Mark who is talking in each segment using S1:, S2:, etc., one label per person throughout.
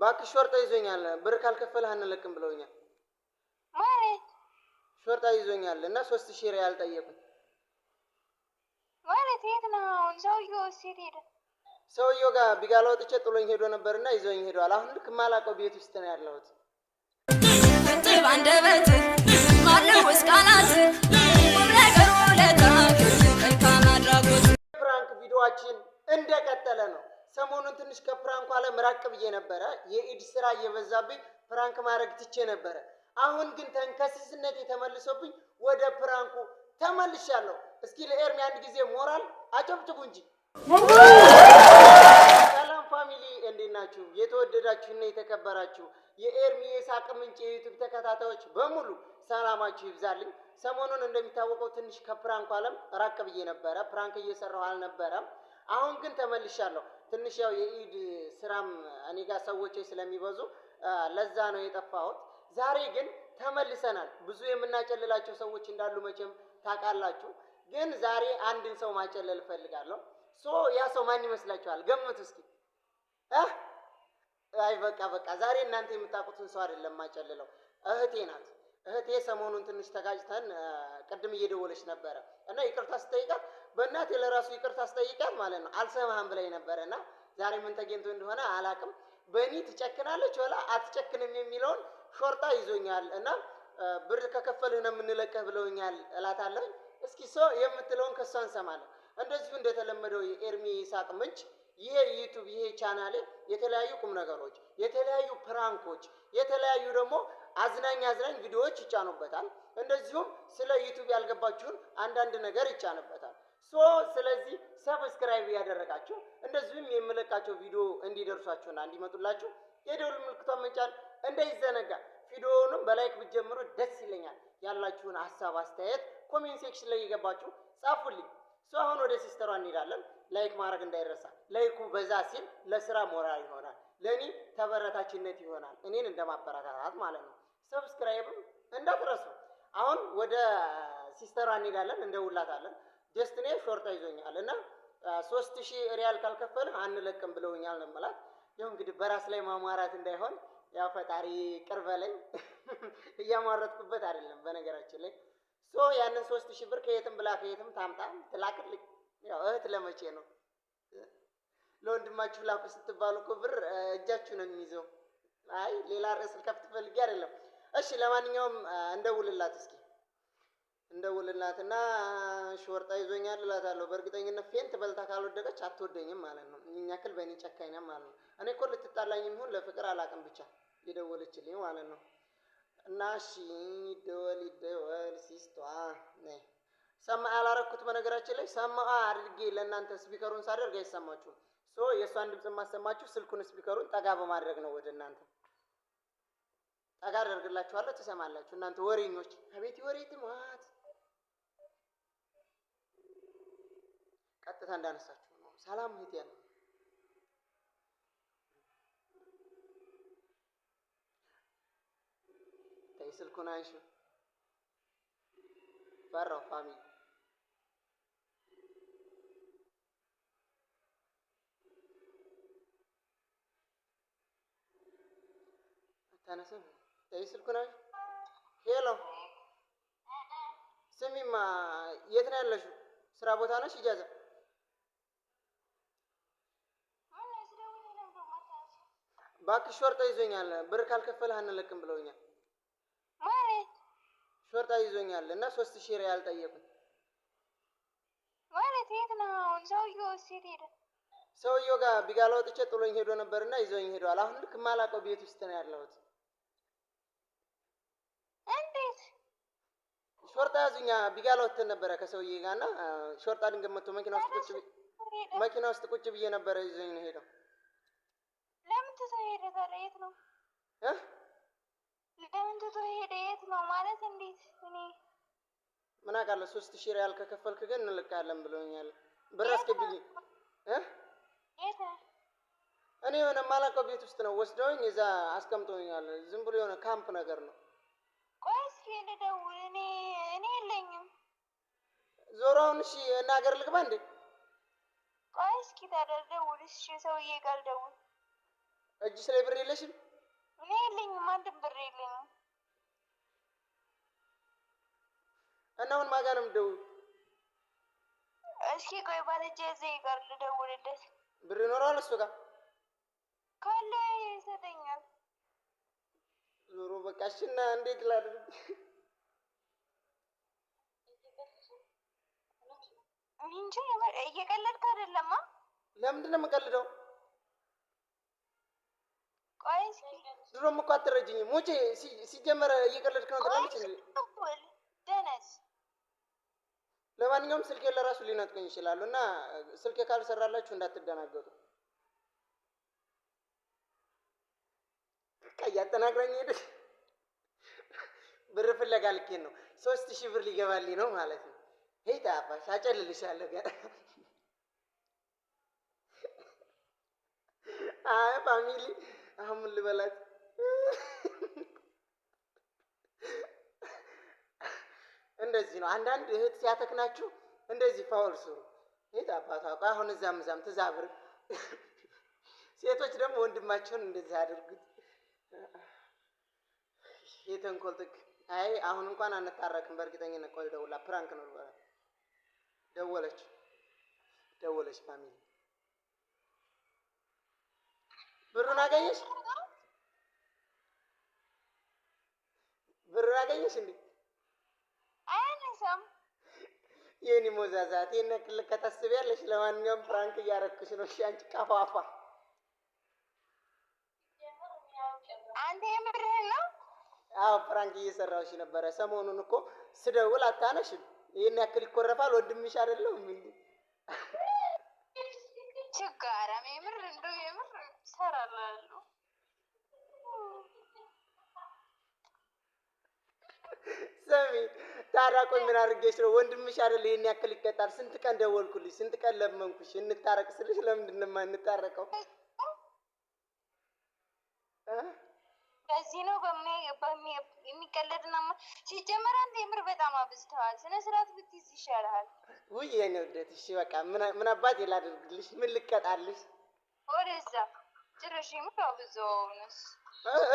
S1: ባክ ሾርጣ ይዞኛል፣ ብር ካልከፈልህ አንለቅም ብለውኛል። ማለት ሾርጣ ይዞኛል እና ሶስት ሺህ ሪያል ጠየቁኝ።
S2: ማለት የት ነው አሁን ሰውየው? ሴት ሄደ
S1: ሰውየው ጋር ቢጋላ ወጥቼ ጥሎኝ ሄዶ ነበርና ይዞኝ ሄደዋል። አሁን ልክ ማላውቀው ቤት ውስጥ ነው ያለሁት። ሰሞኑን ትንሽ ከፕራንኩ ዓለም ራቅ ብዬ ነበረ። የኢድ ስራ እየበዛብኝ ፕራንክ ማድረግ ትቼ ነበረ። አሁን ግን ተንከስስነቴ የተመልሶብኝ ወደ ፕራንኩ ተመልሻለሁ። እስኪ ለኤርሚ አንድ ጊዜ ሞራል አጨብጭቡ እንጂ። ሰላም ፋሚሊ፣ እንዴት ናችሁ? የተወደዳችሁና የተከበራችሁ የኤርሚ የሳቅ ምንጭ የዩቱብ ተከታታዮች በሙሉ ሰላማችሁ ይብዛልኝ። ሰሞኑን እንደሚታወቀው ትንሽ ከፕራንኩ ዓለም ራቅ ብዬ ነበረ። ፕራንክ እየሰራሁ አልነበረም። አሁን ግን ተመልሻለሁ። ትንሽ ያው የኢድ ስራም እኔ ጋር ሰዎች ስለሚበዙ ለዛ ነው የጠፋሁት። ዛሬ ግን ተመልሰናል። ብዙ የምናጨልላቸው ሰዎች እንዳሉ መቼም ታውቃላችሁ። ግን ዛሬ አንድን ሰው ማጨለል እፈልጋለሁ። ሶ ያ ሰው ማን ይመስላችኋል? ገምቱ እስኪ። አይ በቃ በቃ ዛሬ እናንተ የምታውቁትን ሰው አይደለም ማጨልለው፣ እህቴ ናት። እህቴ ሰሞኑን ትንሽ ተጋጭተን ቅድም እየደወለች ነበረ እና ይቅርታ ስጠይቃት በእናቴ ለራሱ ይቅርታ ስጠይቃት ማለት ነው አልሰማህም ብላኝ ነበረ እና ዛሬ ምን ተገኝቶ እንደሆነ አላቅም። በእኔ ትጨክናለች ወላ አትጨክንም የሚለውን ሾርጣ ይዞኛል እና ብር ከከፈልህ ነው የምንለቀህ ብለውኛል እላታለሁ። እስኪ ሰው የምትለውን ከሷ እንሰማለን። እንደዚሁ እንደተለመደው የኤርሚ ይስሐቅ ምንጭ ይሄ ዩቱብ ይሄ ቻናሌ የተለያዩ ቁም ነገሮች፣ የተለያዩ ፕራንኮች፣ የተለያዩ ደግሞ አዝናኝ አዝናኝ ቪዲዮዎች ይጫኑበታል። እንደዚሁም ስለ ዩቱብ ያልገባችሁን አንዳንድ ነገር ይጫንበታል። ሶ ስለዚህ ሰብስክራይብ ያደረጋችሁ እንደዚሁም የምለቃቸው ቪዲዮ እንዲደርሷችሁና እንዲመጡላችሁ የደውል ምልክቷን መጫን እንዳይዘነጋ። ቪዲዮውንም በላይክ ብትጀምሩ ደስ ይለኛል። ያላችሁን ሀሳብ አስተያየት ኮሜንት ሴክሽን ላይ የገባችሁ ጻፉልኝ። ሶ አሁን ወደ ሲስተሯ እንሄዳለን። ላይክ ማድረግ እንዳይረሳ። ላይኩ በዛ ሲል ለስራ ሞራል ይሆናል፣ ለእኔ ተበረታችነት ይሆናል፣ እኔን እንደማበረታታት ማለት ነው። ሰብስክራይብ እንዳትረሱ። አሁን ወደ ሲስተሯ እንሄዳለን፣ እንደውላታለን። ጀስትኔ ሾርታ ይዞኛል እና ሶስት ሺህ ሪያል ካልከፈልህ አንለቅም ብለውኛል ነው የምላት። ይኸው እንግዲህ በራስ ላይ ማሟራት እንዳይሆን ያው ፈጣሪ ቅርበ ላይ እያሟረጥኩበት አይደለም በነገራችን ላይ ሶ ያንን ሶስት ሺህ ብር ከየትም ብላ ከየትም ታምጣ ትላክልኝ። ያው እህት ለመቼ ነው ለወንድማችሁ ላኩ ስትባሉ እኮ ብር እጃችሁ ነው የሚይዘው። አይ ሌላ ርዕስ ልከፍት ፈልጌ አይደለም። እሺ ለማንኛውም እንደውልላት እስኪ እንደውልላት እና ሾርጣ ይዞኛል እላታለሁ። በእርግጠኝነት ፌንት በልታ ካልወደቀች አትወደኝም ማለት ነው። እኛ ክል በእኔ ጨካኝ ማለት ነው። እኔ እኮ ልትጣላኝም ይሁን ለፍቅር አላቅም፣ ብቻ የደወለችልኝ ማለት ነው። እና እሺ ይደወል ይደወል፣ ሲስቷ ሰማ አላረኩት። በነገራችን ላይ ሰማ አድርጌ ለእናንተ ስፒከሩን ሳደርግ አይሰማችሁም። ሶ የእሷን ድምፅ የማሰማችሁ ስልኩን ስፒከሩን ጠጋ በማድረግ ነው ወደ እናንተ ጠጋ አደርግላችኋለሁ፣ ትሰማላችሁ። እናንተ ወሬኞች፣ አቤት ወሬ ትሟት ቀጥታ እንዳነሳችሁ ነው። ሰላም እህት ያለ ተይ፣ ስልኩን አንሺ። ፈራው ፋሚሊ ተነስም ይህ ስልኩ ነው። ሄሎ ስሚማ፣ የት ነው ያለሽው? ስራ ቦታ ነሽ? ኢጃዛ እባክሽ፣ ሾርጣ ይዞኛል፣ ብር ካልከፈልህ አንለቅም ብለውኛል። ማለት ሾርጣ ይዞኛል እና ሶስት ሺህ ሪያል ጠየቁኝ።
S2: ማለት የት ነው ሰውየው? ሴት ሄደ
S1: ሰውየው ጋር ቢጋላ ወጥቼ ጥሎኝ ሄዶ ነበርና ይዞኝ ሄዷል። አሁን ልክ ማላውቀው ቤት ውስጥ ነው ያለሁት። ሾርጣ ያዙኛ ቢጋላ ወተን ነበረ ከሰውዬ ጋር እና ሾርጣ ድንገት መጥቶ መኪና ውስጥ ቁጭ መኪና ውስጥ ቁጭ ብዬ ነበረ ይዘኝ ነው ሄደው።
S2: ለምን ትቶ ሄደ ታዲያ? የት ነው እ ለምን ትቶ ሄደ? የት ነው ማለት እንዴት? እኔ
S1: ምን አውቃለሁ። ሶስት ሺህ ሪያል ከከፈልክ ግን እንልካለን ብለውኛል። ብር አስገብልኝ እ የት እኔ የሆነ የማላውቀው ቤት ውስጥ ነው ወስደውኝ፣ እዛ አስቀምጠውኛል። ዝም ብሎ የሆነ ካምፕ ነገር ነው።
S2: ቆይ እስኪ ልደውል እኔ የለኝም።
S1: ዞሮውን እሺ፣ እና ሀገር ልግባ እንዴ?
S2: ቆይ እስኪ ታዲያ ልደውል። እሺ፣ ሰውዬ ጋር ልደውል።
S1: እጅሽ ላይ ብር የለሽም?
S2: እኔ የለኝም፣ አንድም ብር የለኝም።
S1: እና አሁን ማን ነው የምትደውይው?
S2: እስኪ ቆይ ባለእጄ እዚህ ጋር ልደውልለት።
S1: ብር ይኖረዋል እሱ ጋር
S2: ካለ ይሰጠኛል።
S1: ዞሮ በቃ እሺ። እና እንዴት ላድርግ?
S2: እንጂ እየቀለድክ አይደለም።
S1: ለምንድን ነው የምቀልደው? ቆይ እስኪ ድሮም እኮ አትረጅኝም። ሙቼ ሲጀመረ እየቀለድክ ነው
S2: ትላለች። ደነስ
S1: ለማንኛውም ስልኬ ለራሱ ሊነጥቁኝ ይችላሉ እና ስልኬ ካልሰራላችሁ እንዳትደናገጡ። እያጠናግራኝ ሄደች። ብር ፍለጋ ልኬን ነው። ሶስት ሺህ ብር ሊገባልኝ ነው ማለት ነው። ሄዳ አባሽ አጨልልሻለሁ ገና አይ ፋሚሊ አሁን ምን ልበላት? እንደዚህ ነው። አንዳንድ እህት ሲያተክናችሁ እንደዚህ ፋውል ስሩ። ሄት አባቷ እኮ አሁን እዛም እዛም ትዛብር። ሴቶች ደግሞ ወንድማቸውን እንደዚህ አድርጉት። የተንኮል ጥግ። አይ አሁን እንኳን አንታረቅም በእርግጠኝነት ቆይ፣ ደውላ ፕራንክ ነው ልበላት ደወለች ደወለች ፋሚሊ ብሩን አገኘሽ ብሩን አገኘሽ እንዴ
S2: አይነሳም
S1: የኔ ሞዛዛት የነ ክልል ከታስቢያለሽ ለማንኛውም ፍራንክ እያረኩሽ ነው እሺ አንቺ ቀፋፋ
S2: አንተ የምርህን ነው
S1: አዎ ፍራንክ እየሰራሁሽ ነበረ ሰሞኑን እኮ ስደውል አታነሽም ይህን ያክል ይኮረፋል ወንድምሽ አይደለም እንዴ?
S2: ችጋራ የምር እንደው የምር ሰራላሉ
S1: ሰሚ ታዲያ ቆይ ምን አድርጌሽ ነው? ወንድምሽ አይደል ይሄን ያክል ይቀጣል። ስንት ቀን ደወልኩልሽ፣ ስንት ቀን ለመንኩሽ እንታረቅ ስልሽ ለምንድን ነው የማንታረቀው?
S2: በዚህ ነው ና ሲጀመር አንተ የምር በጣም አብዝተዋል። ስነ ስርዓት ብትይዝ ይሻላል።
S1: ውይ የኔ ውደት፣ እሺ በቃ ምን አባት የላደርግልሽ፣ ምን ልቀጣልሽ?
S2: ወደዛ ጭረሽ የምር አብዘውነስ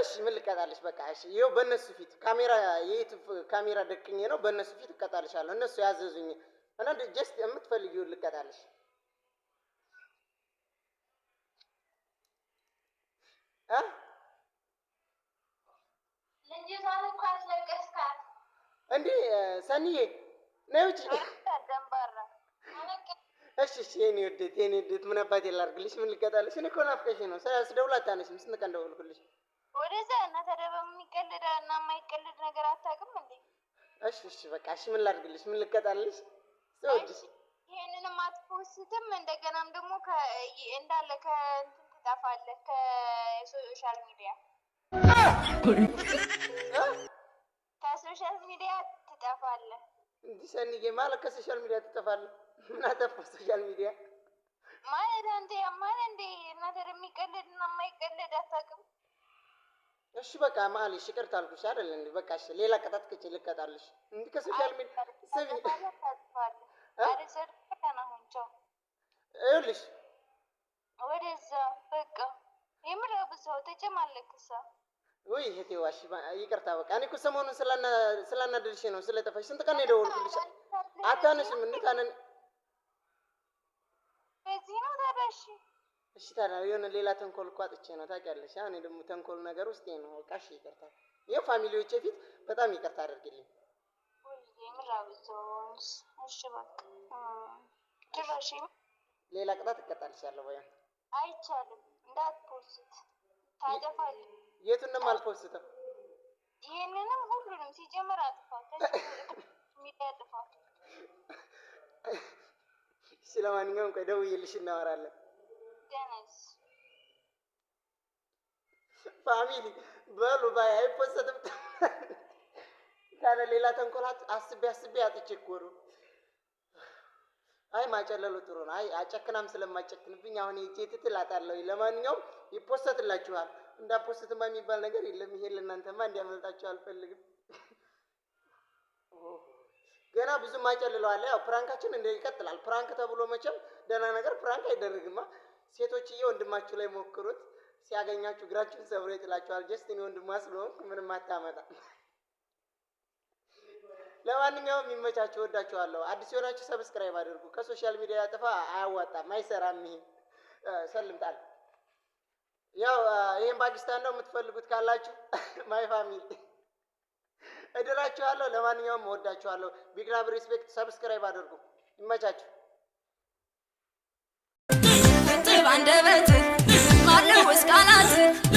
S1: እሺ ምን ልቀጣልሽ? በቃ እሺ፣ ይኸው በእነሱ ፊት ካሜራ፣ የዩቱብ ካሜራ ደቅኜ ነው በእነሱ ፊት እቀጣልሻለሁ። እነሱ ያዘዙኝ እና ጀስት የምትፈልጊውን ልቀጣልሽ እ እንዴ ሰኒዬ ነይ ውጭ። እሺ እሺ፣ የኔ ውዴት የኔ ውዴት፣ ምን አባቴ ላድርግልሽ? ምን ልቀጣልሽ? እኔ እኮ ናፍቀሽ ነው። ስደውል አታነሽም። ስንት ቀን ደወልኩልሽ።
S2: ወደዛ እና ተደበ የሚቀልድ እና የማይቀልድ ነገር አታውቅም እንዴ?
S1: እሺ እሺ፣ በቃ እሺ፣ ምን ላድርግልሽ? ምን ልቀጣልሽ? ሰውጅ
S2: ይሄንንም አትፖስትም፣ እንደገናም ደግሞ እንዳለ ከእንትን ትጠፋለህ ከሶሻል ሚዲያ ከሶሻል ሚዲያ ትጠፋለህ።
S1: እንዲህ ሰኒዬ ማለት ከሶሻል ሚዲያ ትጠፋለህ። ምን አጠፋ ሶሻል ሚዲያ
S2: ማለት አንተ ያማል እንዴ ነገር የሚቀልድ እና የማይቀልድ አታውቅም።
S1: እሺ በቃ ማል እሺ ይቅርታ አልኩሽ አይደል እንዴ በቃ እሺ ሌላ ቅጣት ክች ልቀጣልሽ እንዲ ከሶሻል ሚዲያ ሰሚ ይኸውልሽ
S2: ወደዛ በቃ የምር ብዙ ተጨማለክሳ
S1: ወይ እህቴ ዋሽ ይቅርታ። በቃ እኔ እኮ ሰሞኑን ስላናደድሽ ነው ስለጠፋሽ። ስንት ቀን የደወልኩልሽ አታነሽም። እንዴት አለን? እሺ ታዲያ የሆነ ሌላ ተንኮል እኮ አጥቼ ነው ታውቂያለሽ። እኔ ደግሞ ተንኮል ነገር ውስጤ ነው። በቃ ይቅርታ። ይኸው ፋሚሊዎቼ ፊት በጣም ይቅርታ አድርግልኝ። ሌላ ቅጣት እቀጣልሻለሁ። በያ
S2: አይቻልም፣ እንዳትፖስት ታጠፋለህ
S1: የቱንም አልፖስትም።
S2: ይህንንም ሁሉንም ሲጀምር አጥፋት ሚዲያ ጥፋት።
S1: ስለማንኛውም ቆይ ደውዬልሽ እናወራለን። ፋሚሊ በሉ ባይ አይፖስትም ካለ ሌላ ተንኮላት አስቤ አስቤ አጥቼ እኮ ነው። አይ ማጨለሉ ጥሩ ነው። አይ አጨክናም ስለማጨክንብኝ አሁን የጄት ትትላታለሁ። ለማንኛውም ይፖሰትላችኋል። እንዳፖስትማ የሚባል ነገር የለም። ይሄ ለእናንተማ እንዲያመልጣቸው አልፈልግም። ገና ብዙ ማጨልለዋለ። ያው ፕራንካችን እንደ ይቀጥላል። ፕራንክ ተብሎ መቼም ደህና ነገር ፕራንክ አይደረግማ። ሴቶችዬ ወንድማችሁ ላይ ሞክሩት። ሲያገኛችሁ እግራችሁን ሰብሮ ይጥላችኋል። ጀስት እኔ ወንድሟ ስለሆንኩ ምንም አታመጣ። ለማንኛውም የሚመቻችሁ፣ ወዳችኋለሁ። አዲስ የሆናችሁ ሰብስክራይብ አድርጉ። ከሶሻል ሚዲያ ያጠፋ አያዋጣም፣ አይሰራም። ይሄ ሰልምጣል ፓኪስታን ነው የምትፈልጉት ካላችሁ ማይ ፋሚሊ እድራችኋለሁ። ለማንኛውም እወዳችኋለሁ። ቢግ ላቭ ሪስፔክት። ሰብስክራይብ አድርጉ። ይመቻችሁ። አንደበት ማለው እስካላት